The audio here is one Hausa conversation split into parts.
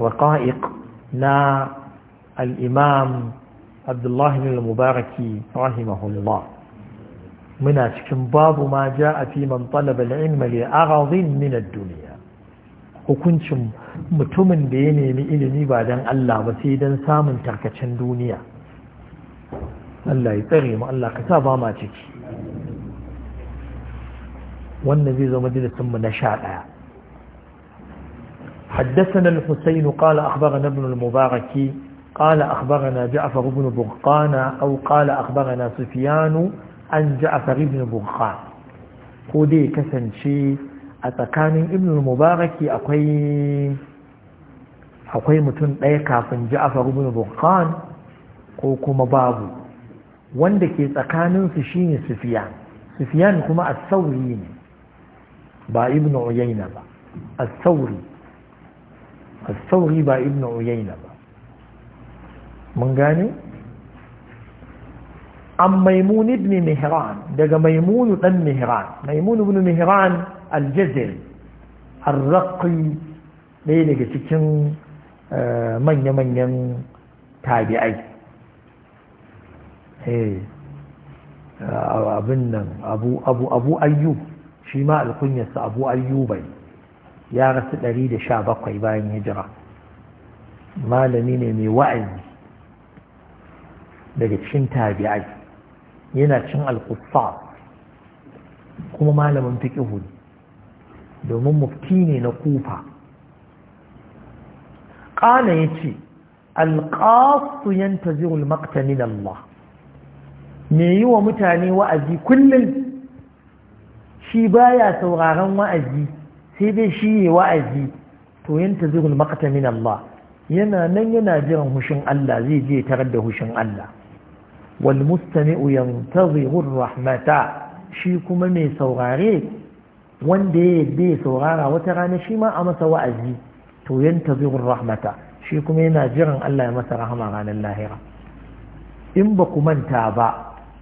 raqa'iq na al Abdullahi Abdullah ibn al rahimahullah muna cikin babu ma ja'a fi man talaba al-ilma li aghadin min hukuncin mutumin da ya nemi ilimi ba dan Allah ba sai dan samun tarkacen duniya Allah ya tsare mu Allah ka sa ba ma ciki wannan zai zama dilisin mu na sha ɗaya حدثنا الحسين قال أخبرنا ابن المبارك قال أخبرنا جعفر بن برقان أو قال أخبرنا سفيان عن جعفر بن برقان كودي كسن شي أتكان ابن المبارك أقوي أقوي متن أيكا فن جعفر بن برقان كوكما بابو wanda ke tsakaninsu shi ne sufiyan sufiyan kuma a sauri ne ba ibn uyayna ba a sauri A sauri ba in na'u ba Mun gane. A Maimunidu Nihran daga Maimunu ɗan Nihran, Maimunidu Nihran al-Jazzaif araƙi ne daga cikin eh, manya-manyan tabi'ai. Eh, eh, Abun nan Abu Ayyub, shima alkunyarsa Abu Ayyubai. ya rasu 117 bayan hijira malami ne mai wa'azi daga cikin tabi'ai yana cin alkufa kuma malamin fiƙihu ne domin mufti ne na kufa Ƙana ya ce alƙasu yanta zirul maktanin Allah me yi wa mutane wa'azi kullum shi baya sauraron wa'azi sai dai shi ne wa'azi to yanta zirul makata min Allah yana nan yana jiran hushin Allah zai je tarar da hushin Allah wal mustami'u yantazihu rahmata shi kuma mai saurare wanda ya yadda ya saurara wata rana shi ma a masa wa'azi to yantazihu rahmata shi kuma yana jiran Allah ya masa rahama ranar lahira in ba ku manta ba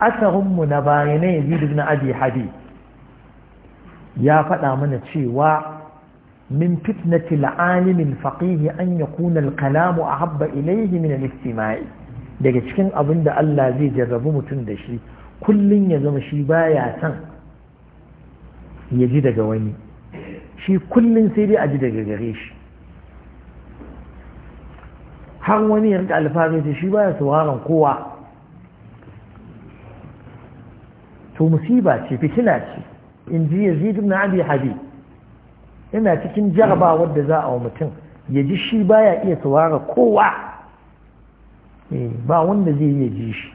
asarinmu na baya na yazid ibn abi habib ya faɗa mana cewa min fitnati la'alimin faqihi an yakuna al-kalamu ahabba ilayhi min al-istima'i daga cikin abin da Allah zai jarrabu mutum da shi kullun ya zama shi baya san ya ji daga wani shi kullun sai dai a ji daga gare shi har wani ya rika alfahari shi baya sauraron kowa to musiba ce fitina ce in ji yazid na abi hadi Ina cikin jaraba wadda za a wa mutum ya ji shi baya iya saurara kowa eh, ba wanda zai iya ji shi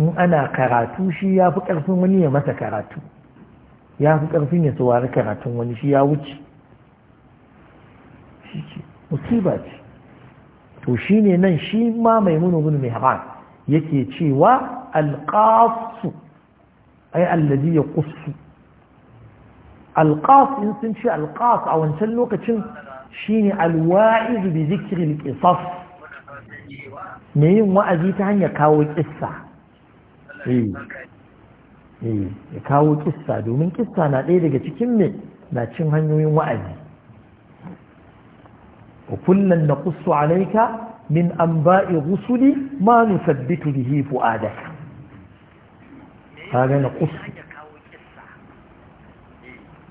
in ana karatu shi ya fi ƙarfin wani ya masa karatu ya fi ƙarfin ya saurari karatun wani shi ya wuce shi ce musiba ce to shi ne nan shi ma mai mai mihran yake cewa القاص أي الذي يقص القاص إن سنشي القاص أو إن سنلوك شيني الواعظ بذكر القصص مين وأزيت عن يكاو القصة إيه إيه يكاوي قصة دومين قصة أنا إيه لك تكمل ما تشمهن يوم وأزي وكلا نقص عليك من أنباء الرسل ما نثبت به فؤادك kaga na kusu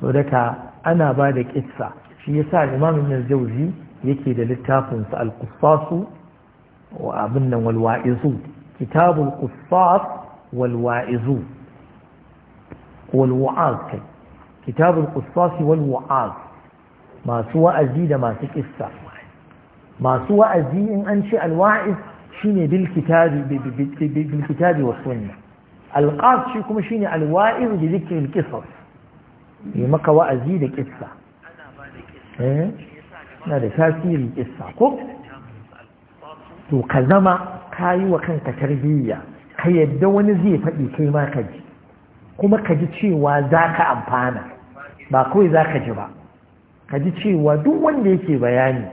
so daga ana ba da kissa shi yasa imam ibn jauzi yake da littafin sa al-qissasu wa abin nan wal wa'izu kitabul qissas wal wa'izu wal wa'az kitabul qissas wal wa'az masu wa'azi da masu kissa masu wa'azi in an ce al-wa'iz shine bil kitabi bil kitabi was sunnah alqas shi kuma shine alwa'iz da zikr alqisas yi maka wa'azi da kissa eh na da tasirin kissa ko to ka zama kayi wa kanka tarbiyya ka yadda wani zai faɗi kai ma ka ji kuma ka ji cewa za ka amfana ba kawai za ka ji ba ka ji cewa duk wanda yake bayani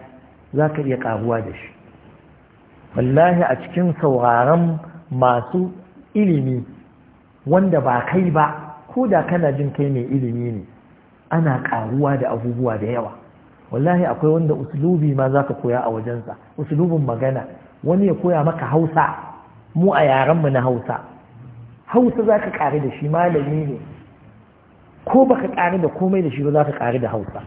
za ka iya ƙaruwa da shi wallahi a cikin sauraron masu ilimi wanda ba kai ba ko da kana jin kai mai ilimi ne ana karuwa da abubuwa da yawa wallahi akwai wanda usulubi ma zaka koya a wajensa usulubin magana wani ya koya maka hausa mu a yarenmu na hausa hausa za ka kare da shi malami ne ko baka kare da komai da shi ba za ka kare da hausa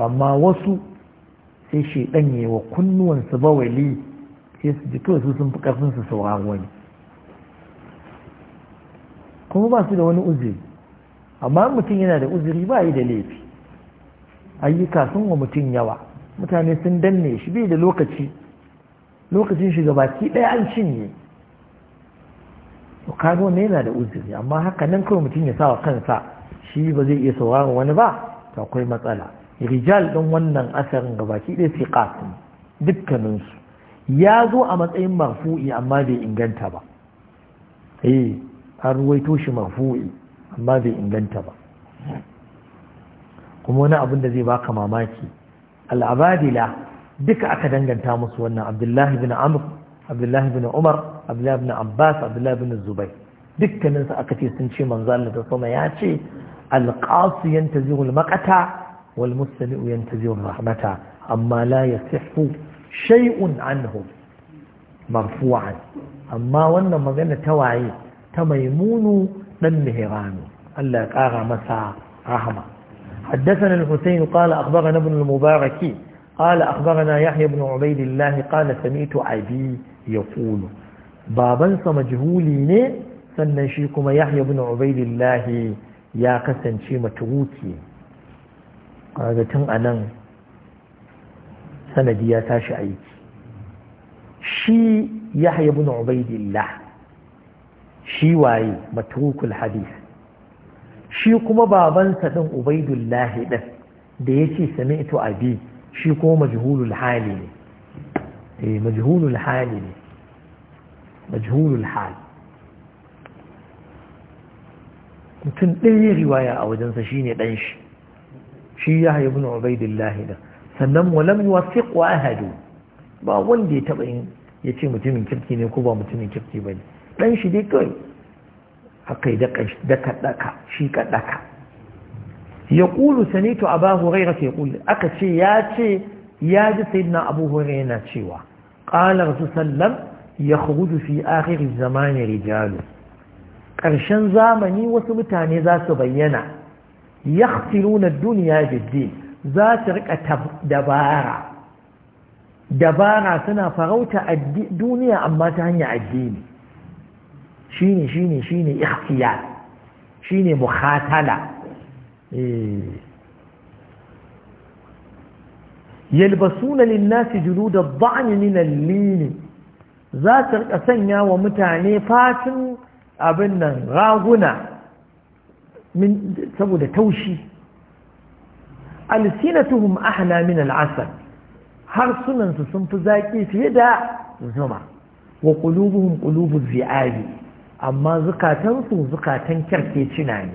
amma wasu sai shi danyewa kunnuwansu bawali sai su ji kawai su sun fi karfin su saurari wani kuma ba su da wani uziri, amma mutum yana da uzuri ba yi da laifi ayyuka sun wa mutum yawa mutane sun danne shi bai da lokaci lokacin shi gabaki ɗaya an cinye to ne yana da uziri, amma haka nan kawai mutum ya sa wa kansa shi ba zai iya sauraron wani ba akwai matsala rijal ɗin wannan asarin gabaki ɗaya sai ƙasin dukkaninsu ya zo a matsayin marfu'i amma bai inganta ba eh an ruwaito shi marfu'i amma bai inganta ba kuma wani abin da zai baka mamaki al'abadila duka aka danganta musu wannan abdullahi bin amr abdullahi bin umar abdullahi bin abbas abdullahi bin zubai dukkaninsu aka ce sun ce manzo Allah ta sama ya ce alqasu yantazihu almaqata wal mustami'u yantazihu rahmata amma la yasihu shay'un anhu marfu'an amma wannan magana ta waye ta maimunu dan mihranu Allah ya kara masa rahama حدثنا الحسين قال أخبرنا ابن المبارك قال أخبرنا يحيى بن عبيد الله قال سمعت أبي يقول بابا مجهولين سنشيكم يحيى بن عبيد الله يا قسن شي متروكي هذا تن أنا sanadi ya tashi aiki shi yahya ibn ubaidillah shi waye matrukul hadith shi kuma babansa ɗin ubaidullah din da yace sami'tu abi shi kuma majhulul hali ne eh hali ne majhulul hal mutum ɗaya riwaya a wajensa shine ɗan shi shi yahya ibn ubaidillah din sannan walam yuwaffiq wa ahadu ba wanda ya taba yin ya ce mutumin kirki ne ko ba mutumin kirki ba Dan shi dai kawai haka yi daka daka shi ka daka ya ƙulu sanito a ba huraira sai ƙulu aka ce ya ce ya ji sai na abu huraira yana cewa ƙalar su sallam ya hudu fi zama zamani rijalu ƙarshen zamani wasu mutane za su bayyana ya na duniya jiddi za su rika dabara dabara suna farauta duniya amma ta hanyar addini shine shine shine ikhtiyar shine mukhatala eh. yalbasuna lin-nasi julud dan min al-lin za su rika sanya wa mutane fatin abin nan raguna saboda taushi alsinatuhum ahna min har harsunansu sun fi zaƙi fiye da zuma wa qulubuhum qulubu zi'abi amma zukatansu zukatan kyarkecina ne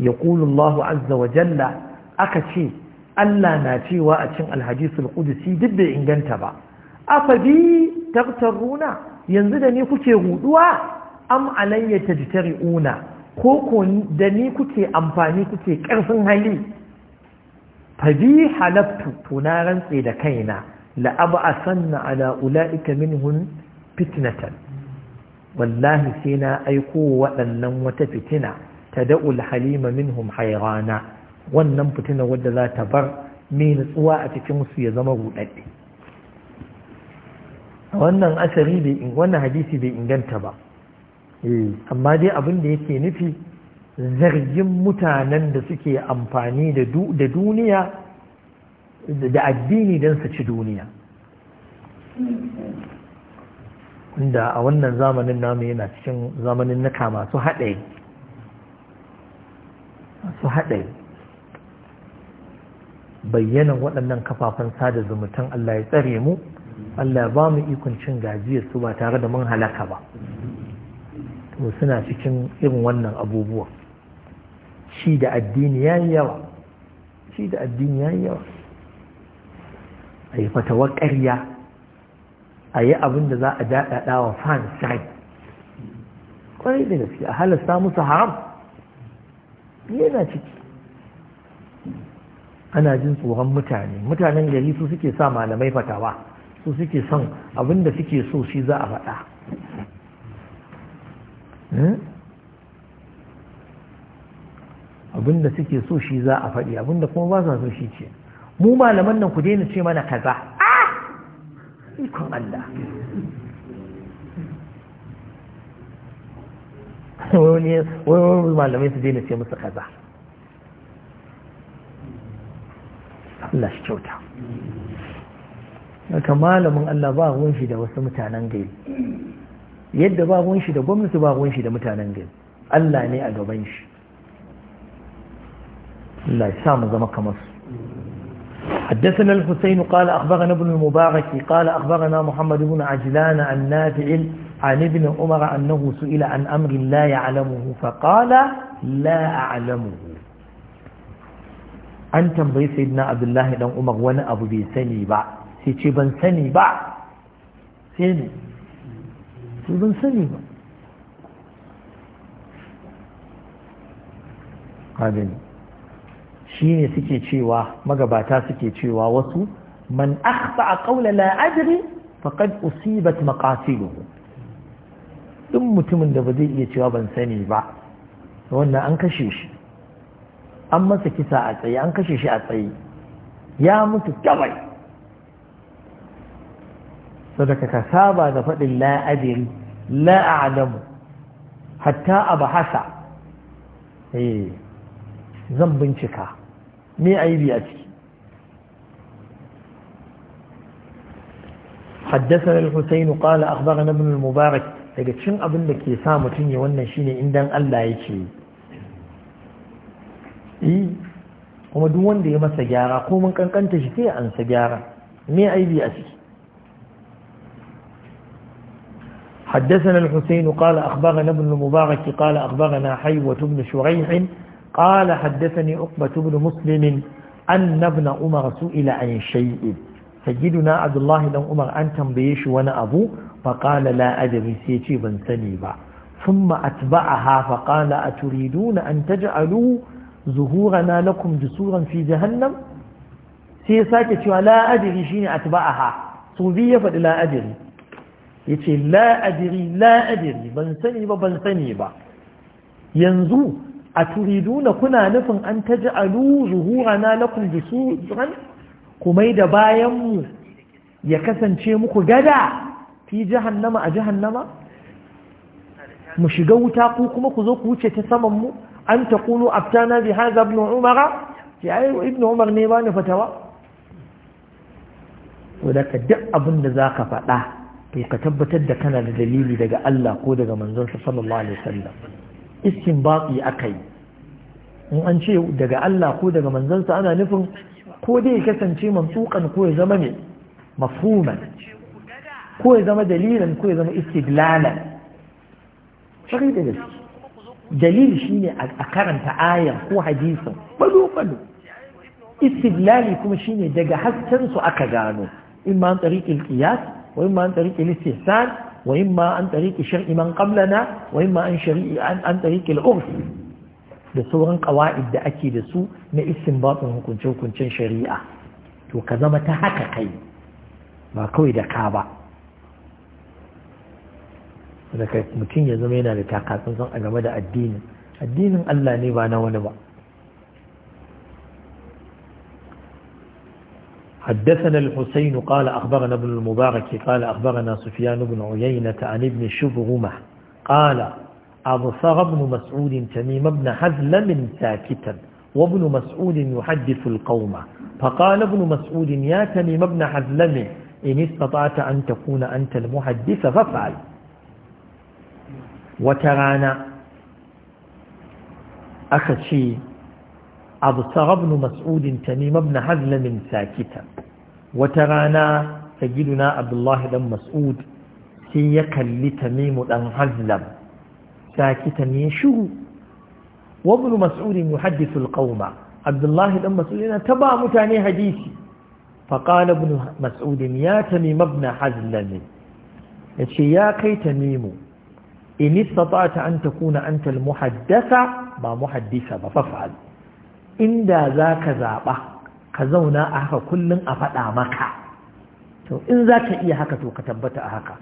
Ya Allahu azza wa jalla aka ce Allah na cewa a cin alhadisul qudsi duk bai inganta ba afa bi tabtaruna yanzu da ni kuke huduwa am alayya tajtari'una ko ko da ni kuke amfani kuke karfin hali fabi halaftu to na rantse da kaina la'abu a sanna ala ula'ika minhun fitnatan wallahi sai na aiko waɗannan wata fitina ta da'ul halima minhum hairana wannan fitina wadda za ta bar mai nutsuwa a cikin su ya zama ruɗaɗɗe wannan asari bai wannan hadisi bai inganta ba eh, amma dai abin da yake nufi zargin mutanen da suke amfani da duniya da addini don su ci duniya inda a wannan zamanin namu yana cikin zamanin kama masu haɗe masu haɗe bayyanan waɗannan kafafen sada zumuntan Allah ya tsare mu Allah ba mu ikon cin gajiyar su ba tare da mun halaka ba to suna cikin irin wannan abubuwan shi da addini ya yi yawa shi da addini ya yi yawa a yi fatawar ƙarya a yi abin da za a daɗaɗa wa fan sai ƙwarai da gaske a halasta musu haram yana ciki ana jin tsoron mutane mutanen gari su suke sa malamai fatawa su suke son abin da suke so shi za a faɗa hmm? Abin da suke so shi za a faɗi abin da kuma ba sa so shi ce mu malaman nan ku daina ce mana kaza ah! ikon Allah wani malamai su daina ce musu kaza Allah shi kyauta haka malamin Allah ba ruwan shi da wasu mutanen gari yadda ba ruwan shi da gwamnati ba ruwan shi da mutanen gari Allah ne a gaban shi الله يسام زمك مصر حدثنا الحسين قال أخبرنا ابن المبارك قال أخبرنا محمد بن عجلان عن نافع عن ابن عمر أنه سئل عن أمر لا يعلمه فقال لا أعلمه أنت tambayi سيدنا عبد الله umar wani وانا أبو بي سني sai ce ban sani ba sai ne sai ban sani ba Shi ne suke cewa magabata suke cewa wasu man akhta qawla la ajri faqad usibat maƙasiru. duk mutumin da ba zai iya cewa ban sani ba wannan an kashe shi an masa kisa a tsaye an kashe shi a tsaye ya mutu kawai sadaka ka saba da faɗin la ajri la a'lamu hatta abhasa eh zan bincika me aibi a ciki حدثنا الحسين قال أخبرنا ابن المبارك daga cin abin da ke sa mutum ya wannan shine indan Allah yake yi kuma duk wanda ya masa gyara ko mun kankanta shi sai an sa gyara me aibi a ciki حدثنا الحسين قال أخبرنا ابن المبارك قال أخبرنا حيوة بن شريح قال حدثني عقبة بن مسلم أن ابن عمر سئل عن شيء سيدنا عبد الله بن عمر أن تنبيش وانا أبو فقال لا أدري سيتي بن سنيبا ثم أتبعها فقال أتريدون أن تجعلوا ظهورنا لكم جسورا في جهنم سيساكت لا أدري شيني أتبعها صوفية فلا أدري يتي لا أدري لا أدري بن سنيبا بن سنيبا yanzu a turiduna kuna nufin an ta ji alu zuhurana lakum jusuran kuma da bayanmu ya kasance muku gada fi jahannama a jahannama mu shiga wuta ku kuma ku zo ku wuce ta saman mu an ta kulu aftana bi haza ibn umar ya yi ibn umar ne ba ni fatawa wadda ka duk abin da faɗa to ka tabbatar da kana da dalili daga Allah ko daga manzon sallallahu alaihi wasallam istinbati akai in an ce daga Allah ko daga manzansa ana nufin ko dai kasance mamsukan ko ya zama ne mafhuman ko ya zama dalilan ko ya zama istidlalan shari da gaske dalil shine a karanta ayar ko hadisin balo balo Istiglali kuma shine daga hasken su aka gano in ma an tsariƙin qiyas wa in ma an tsariƙin istihsan وإما عن طريق شرع من قبلنا وإما عن, شريع عن, عن da sauran ƙawa'id da ake da su na isin batsun hukunce hukuncin shari'a to ka zama ta haka kai ba kawai da ka ba da mutum ya zama yana da takatsantsan a game da addinin addinin Allah ne ba na wani ba حدثنا الحسين قال أخبرنا ابن المبارك قال أخبرنا سفيان بن عيينة عن ابن شبغمة قال أبصر ابن مسعود تميم بن حزلم ساكتا وابن مسعود يحدث القوم فقال ابن مسعود يا تميم بن حزلم إن استطعت أن تكون أنت المحدث فافعل وترانا أخشي أبصر ابن مسعود تميم بن حزلم ساكتا wata rana ta sagiduna abdullahi dan mas'ud sai ya kalli tamimu dan hazlam saki tamim ya shuru wa ibn mas'ud yuhaddithu alqawma abdullahi dan mas'ud yana taba mutane hadisi fa qala ibn mas'ud ya tamim ibn hazlam yace ya kai tamimu in istata'ta an takuna anta almuhaddatha ba muhaddisa ba fa'al inda zaka zaɓa. ka zauna a haka kullum a faɗa maka to in za ka iya haka to ka tabbata a haka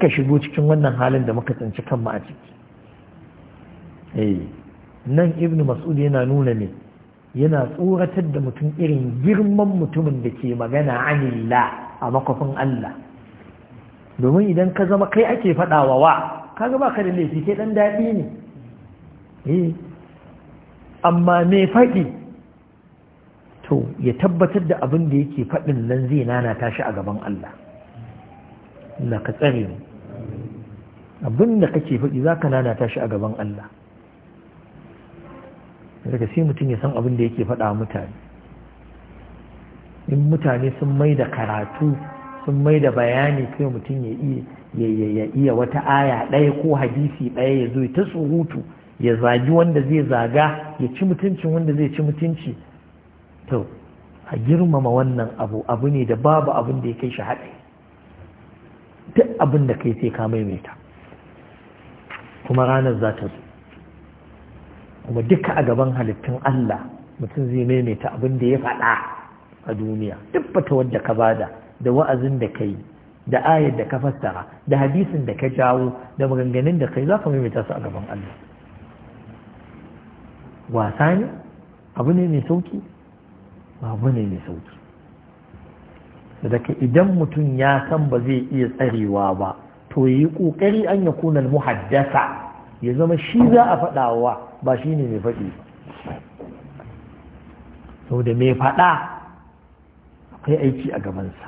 ka shigo cikin wannan halin da muka tsinci kanmu a ciki eh, nan ibnu mas'ud yana nuna ne yana tsoratar da mutum irin girman mutumin da ke magana anilla a makwafin Allah domin idan ka zama kai ake faɗawa wa gaba ka da laifi ke ɗan daɗi ne eh, amma mai faɗi to ya tabbatar da abin da yake faɗin nan zai nana tashi a gaban Allah na ka tsare mu abin da kake faɗi za ka nana tashi a gaban Allah daga sai mutum ya san abin da yake faɗa mutane in mutane sun mai da karatu sun mai da bayani kai mutum ya iya wata aya ɗaya ko hadisi ɗaya ya zo ta surutu ya zagi wanda zai zaga ya ci mutuncin wanda zai ci mutunci to a girmama wannan abu abu ne da babu abin da ya kai shi haɗe duk abin da kai sai ka maimaita kuma ranar za ta zo kuma duka a gaban halittun Allah mutum zai maimaita abin da ya faɗa a duniya duk fata wadda ka bada da wa'azin da ka yi da ayar da ka fassara da hadisin da ka jawo da maganganun da kai za ka maimaita su a gaban Allah wasa ne abu ne mai sauki babu ne mai sauki daga idan mutum ya san ba zai iya tsarewa ba to yi kokari an ya kuna muhaddasa ya zama shi za a faɗawa ba shi ne mai faɗi sau da mai faɗa akwai aiki a gabansa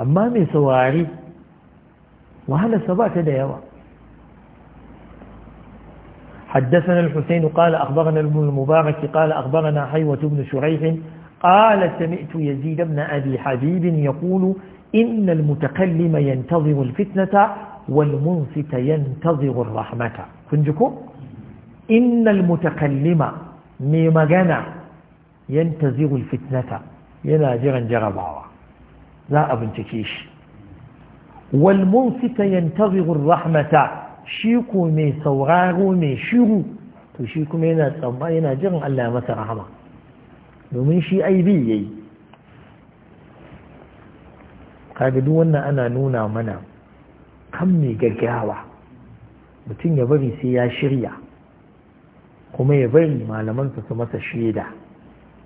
amma mai saurari wahalarsa ba ta da yawa حدثنا الحسين قال أخبرنا ابن المبارك قال أخبرنا حيوة بن شريح قال سمعت يزيد بن أبي حبيب يقول إن المتكلم ينتظر الفتنة والمنصت ينتظر الرحمة كنجكم إن المتكلم ميمغانا ينتظر الفتنة يناجرا جرباوا لا أبن تكيش والمنصت ينتظر الرحمة شيكو مي سوغارو مي شيرو تشيكو مينا تنبا يناجرا ألا مسا رحمه domin shi aibi ya yi kaga wannan ana nuna mana kan mai gaggawa mutum ya bari sai ya shirya kuma ya bari malamansa su masa shaida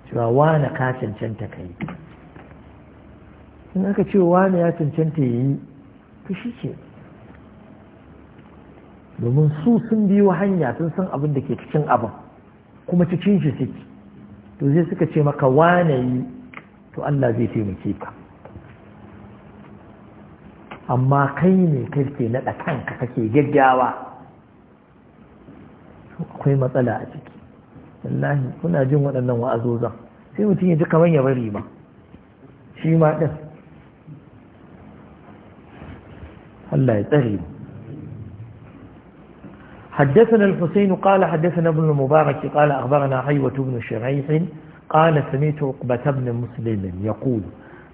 cewa wane ka cancanta ka yi in aka ce wane ya cancanta ya yi ta shi ce domin su sun biyu hanya sun san abin da ke cikin abin kuma cikin shi suke to zai suka ce maka wane to Allah zai taimake ka amma kai ne kake naɗa kanka kake gaggawa akwai matsala a ciki wallahi kuna jin waɗannan wa'azozan sai mutum ya ji kamar ya bari ba shi ma ɗin Allah ya tsare mu حدثنا الحسين قال حدثنا ابن المبارك قال أخبرنا حيوة بن شريح قال سمعت عقبة بن مسلم يقول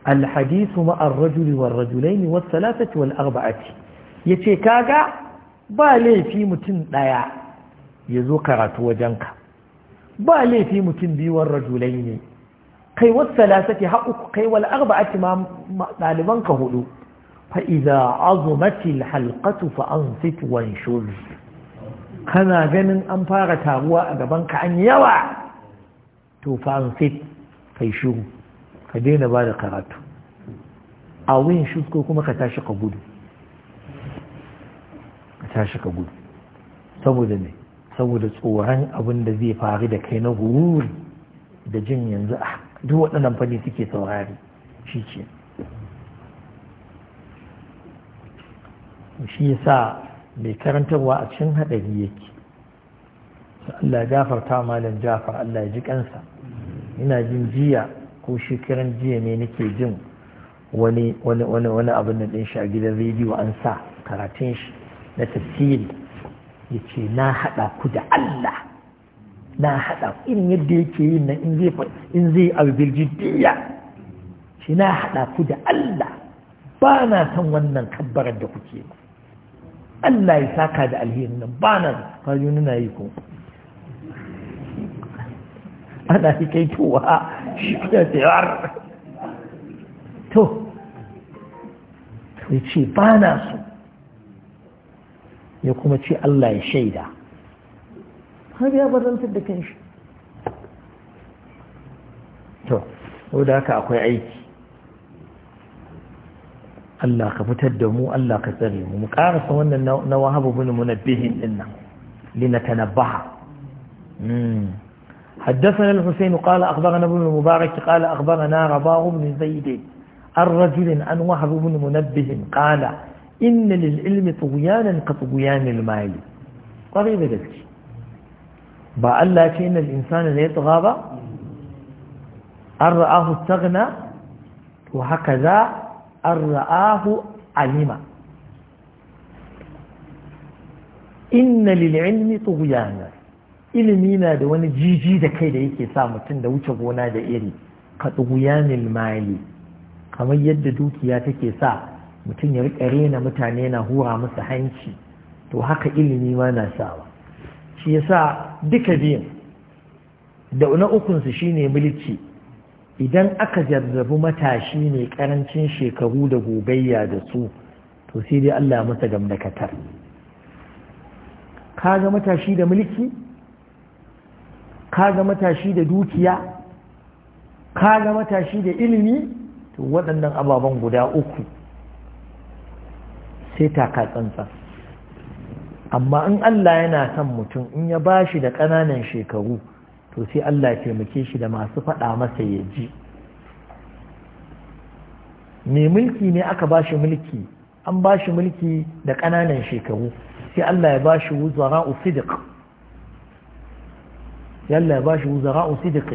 الحديث مع الرجل والرجلين والثلاثة والأربعة yace kaga ba laifi mutum daya ya zo karatu wajenka ba laifi mutum biyuwar rajulai ne kai wasalasati haƙuku kai wal arba'ati ma ɗalibanka hudu fa idza azumatil halkatu, fa ansit wanshur kana ganin an fara taruwa a gaban ka an yawa to fa an fit kai shiru ka daina ba da karatu a wuyin shi ko kuma ka tashi ka gudu ka tashi ka gudu saboda ne saboda tsoron abin da zai faru da kai na gururi da jin yanzu a ah, duk waɗannan fani suke saurari shi ce shi yasa mai karantarwa a cikin haɗari yake Allah ya gafarta malam Jafar Allah ya ji kansa ina jin jiya ko shekaran jiya ne nake jin wani wani wani wani abin da din shi a gidan rediyo an sa karatun shi na tafsiri yace na hada ku da Allah na hada in yadda yake yin nan in zai in zai abil jiddiya shi na hada ku da Allah ba na san wannan kabbarar da kuke ba Allah ya saka da alherin nan ba nan kwayo nuna yi ko ana yi kai towa shi da tsayar to ya ce ba na so ya kuma ce Allah ya shaida har ya barantar da kan shi to wadda haka akwai aiki Allah ka fitar da mu Allah ka tsare mu mu karasa wannan na wahabu bin munabbihin din nan hmm. حدثنا الحسين قال أخبرنا ابن المبارك قال أخبرنا رباه بن زيد الرجل أن وهب بن منبه قال إن للعلم طغيانا كطغيان المال قريب ذلك با الله كأن الإنسان لا يطغى أن رآه استغنى وهكذا an ra'ahu alima inna lil'ilmi tughyana ilimi na da wani jiji da kai da yake sa mutum da wuce gona da iri ka tughyanil mali kamar yadda dukiya take sa mutum ya riƙa rena mutane na hura musu hanci to haka ilimi ma na sawa shi yasa duka biyan da na ukunsu shine mulki idan aka jarrabu matashi ne karancin shekaru da gogayya da su to sai dai Allah masa gamdakatar kaga matashi da mulki kaga matashi da dukiya kaga matashi da ilimi to waɗannan ababen guda uku sai taka tsantsan amma in Allah yana son mutum in ya bashi da ƙananan shekaru to sai Allah ya taimake shi da masu faɗa masa ya ji mai mulki ne aka ba shi mulki an ba shi mulki da ƙananan shekaru sai Allah ya ba shi wuzara usidik sai Allah ya ba shi wuzara usidik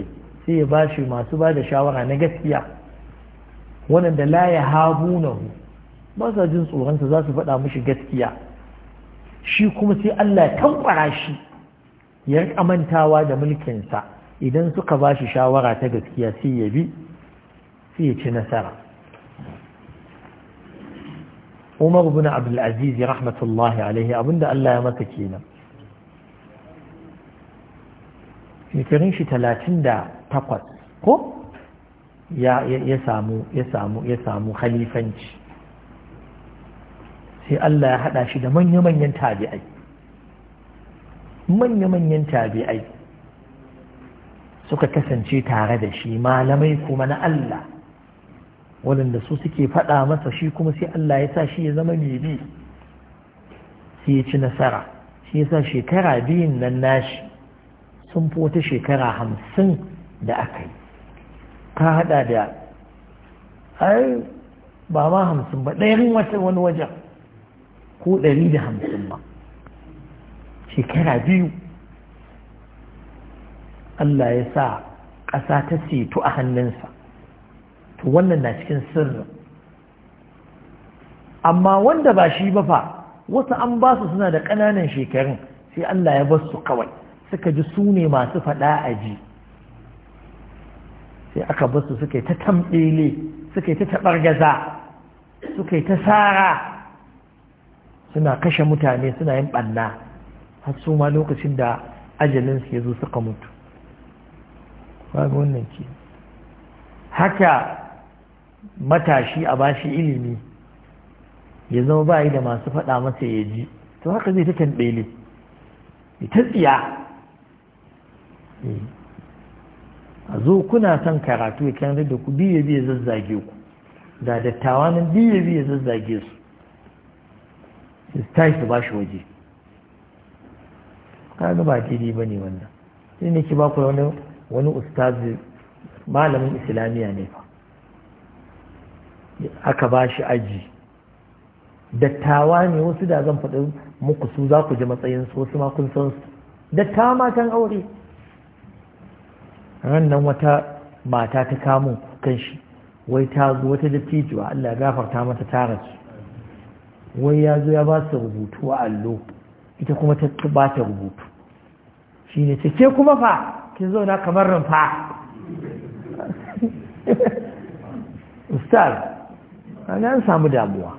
sai ya ba shi masu ba da shawara na gaskiya waɗanda la ya habu ba sa jin tsoronsa za su faɗa mashi gaskiya shi kuma sai Allah ya tankwara shi ya amantawa mantawa da mulkinsa idan suka ba shi shawara ta gaskiya sai ya bi sai ya ci nasara umar bin abdulaziz rahmatullahi alaihi abinda Allah ya masa kenan shekarun shi talatin da takwas ko ya samu khalifanci sai Allah ya haɗa shi da manya-manyan tabi'ai manya-manyan tabi'ai suka kasance tare da shi malamai kuma na Allah waɗanda su suke faɗa masa shi kuma sai Allah ya sa shi ya zama mai bi sai ya ci nasara shi ya sa shekara biyun nan nashi sun fi wata shekara hamsin da aka yi ka haɗa da ai ba ma hamsin ba ɗayan wata wani wajen ko ɗari da hamsin ma shekara biyu Allah ya sa ƙasa ta ceto a hannunsa to wannan na cikin sirrin amma wanda ba shi ba fa wasu an ba su suna da ƙananan shekarun sai Allah ya basu su kawai suka ji su ne masu faɗa a ji sai aka basu su suka yi ta tamɓele suka yi ta taɓargaza suka yi ta sara suna kashe mutane suna yin ɓanna har su ma lokacin da ajalin su zo suka mutu ba wannan ke haka matashi a bashi ilimi ya zama ba da masu faɗa masa ya ji to haka zai ta ya ta tsiya eh. a zo kuna son karatu ya kyanar da ku biye biye zazzage ku da dattawa nan biye biye zazzage su su tashi su ba shi waje kaga ba daidai ba ne wannan sai ne ki baku wani wani ustazi malamin islamiyya ne fa aka ba shi aji dattawa ne wasu da zan faɗi muku su za ku ji matsayin su wasu ma kun san su dattawa matan aure rannan wata mata ta kamun kan shi wai ta zo wata dattijuwa Allah gafarta mata tara su wai ya zo ya ba su rubutu a allo ita kuma ta ba ta rubutu shi ne ce kuma fa kin zauna kamar rumfa ustaz an samu damuwa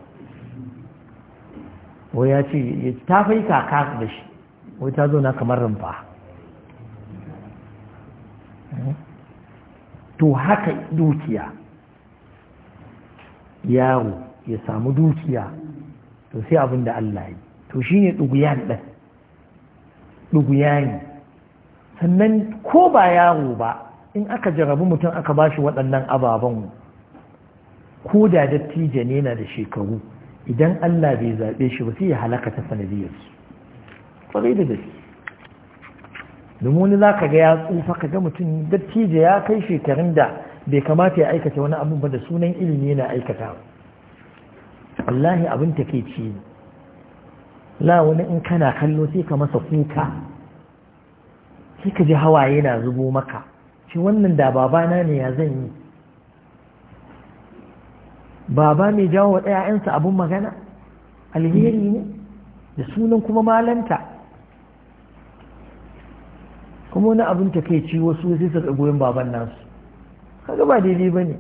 wai ya ce ta fai kaka da shi wai ta zauna kamar rumfa to haka dukiya yaro ya samu dukiya to sai abin da Allah yi to shi ne ɗuguyani ɗan ɗuguyani sannan ko ba yaro ba in aka jarabi mutum aka ba shi waɗannan ababen ko da dattijo ne na da shekaru idan Allah bai zaɓe shi ba sai ya halaka ta sanadiyarsu ƙwarai da gaske domin wani za ka ga ya tsufa ka ga mutum dattijo ya kai shekarun da bai kamata ya aikata wani abu ba da sunan ilimi yana aikata wallahi abin take ci la wani in kana kallo sai ka masa kuka sai ka ji hawaye na zubo maka shi wannan da babana ne ya zan yi baba mai jawo wa ɗayansa abin magana alheri ne da sunan kuma malanta kuma wani abin ta kai ci wasu sai su goyon baban nasu kaga ba daidai ba ne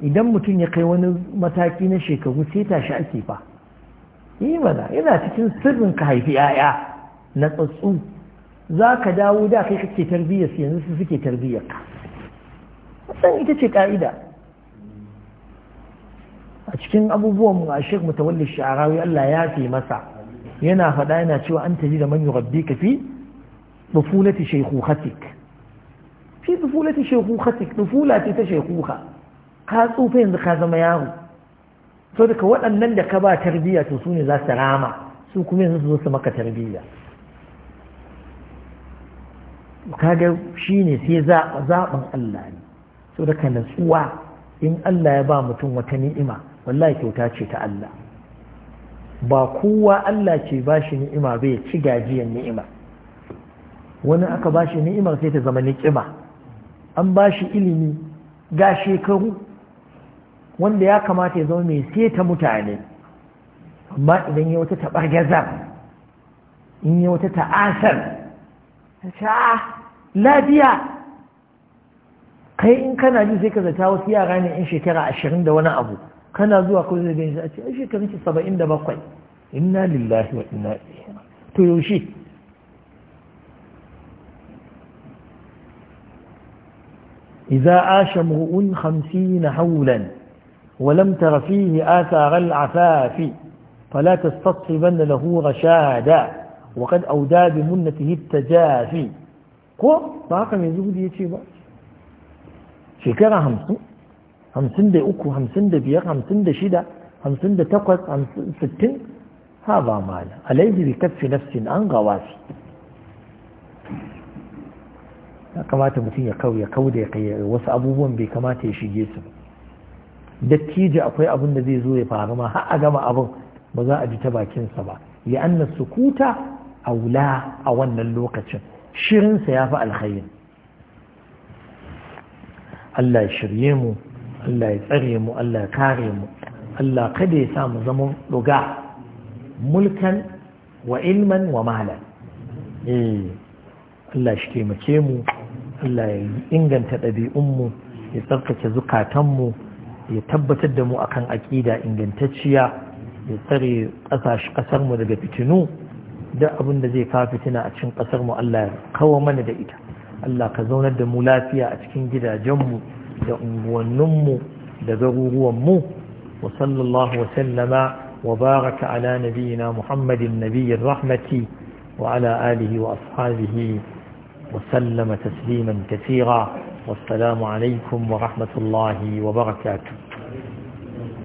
idan mutum ya kai wani mataki na shekaru sai tashi ake ba yi mana yana cikin sirrin ka haifi 'ya'ya na tsatsu za ka dawo da kai kake tarbiyyar yanzu su suke tarbiyyar ka san ita ce ka'ida a cikin abubuwan mu a shek mutawalli sha'arawi Allah ya fi masa yana faɗa yana cewa an taji da man yurabbi ka fi bufulati hatik fi bufulati shaykhukatik bufula ce ta shehu ka tsufa yanzu ka zama yaro to daga waɗannan da ka ba tarbiyya to su ne za su rama su kuma yanzu su zo su maka tarbiyya kaga shi ne sai zaɓin Allah ne so daga natsuwa in Allah ya ba mutum wata ni'ima wallahi kyauta ce ta Allah ba kowa Allah ce ba shi ni'ima bai ci gajiyar ni'ima wani aka ba shi ni'imar sai ta zama ni'ima an ba shi ilimi ga shekaru wanda ya kamata ya zama mai seta mutane amma idan ya wata taɓar gaza in ya wata ta'asar lafiya kai in kana ji sai ka zata wasu yara ne in shekara ashirin da wani abu kana zuwa ko zai gani a ce ai shekarun ki saba'in da bakwai inna lillahi wa inna ilaihi to yaushe إذا عاش امرؤ خمسين حولا ولم تر فيه آثار العفاف فلا تستصحبن له رشادا wa kad auda bi munnatihi tajafi ko ba haka mai zuhudi yace ba shekara hamsin hamsin da uku hamsin da biyar hamsin da shida hamsin da takwas sittin ha ba mala alaihi bi an ya kamata mutum ya kau ya kau da ya wasu abubuwan bai kamata ya shige su dattijo akwai abin da zai zo ya faru ma har a gama abin ba za a ji ta bakinsa ba ya anna sukuta aula a wannan lokacin shirinsa ya fi alkhairi Allah ya shirye mu Allah ya tsare mu Allah ya kare mu Allah kada ya sa mu zama ɗuga mulkan wa ilman wa malan eh Allah shi taimake mu Allah ya inganta ɗabi'unmu ya tsarkake zukatanmu ya tabbatar da mu akan aƙida ingantacciya ya tsare ƙasashe ƙasarmu daga fitinu duk abin da zai kafi tuna a cikin ƙasar mu Allah ya kawo mana da ita Allah ka zaunar da mu lafiya a cikin gidajenmu da unguwanninmu da garuruwanmu wa sallallahu wa sallama wa baraka ala nabiyina Muhammadin nabiyyin rahmati wa ala alihi wa ashabihi wa sallama tasliman kathira wassalamu alaikum wa rahmatullahi wa barakatuh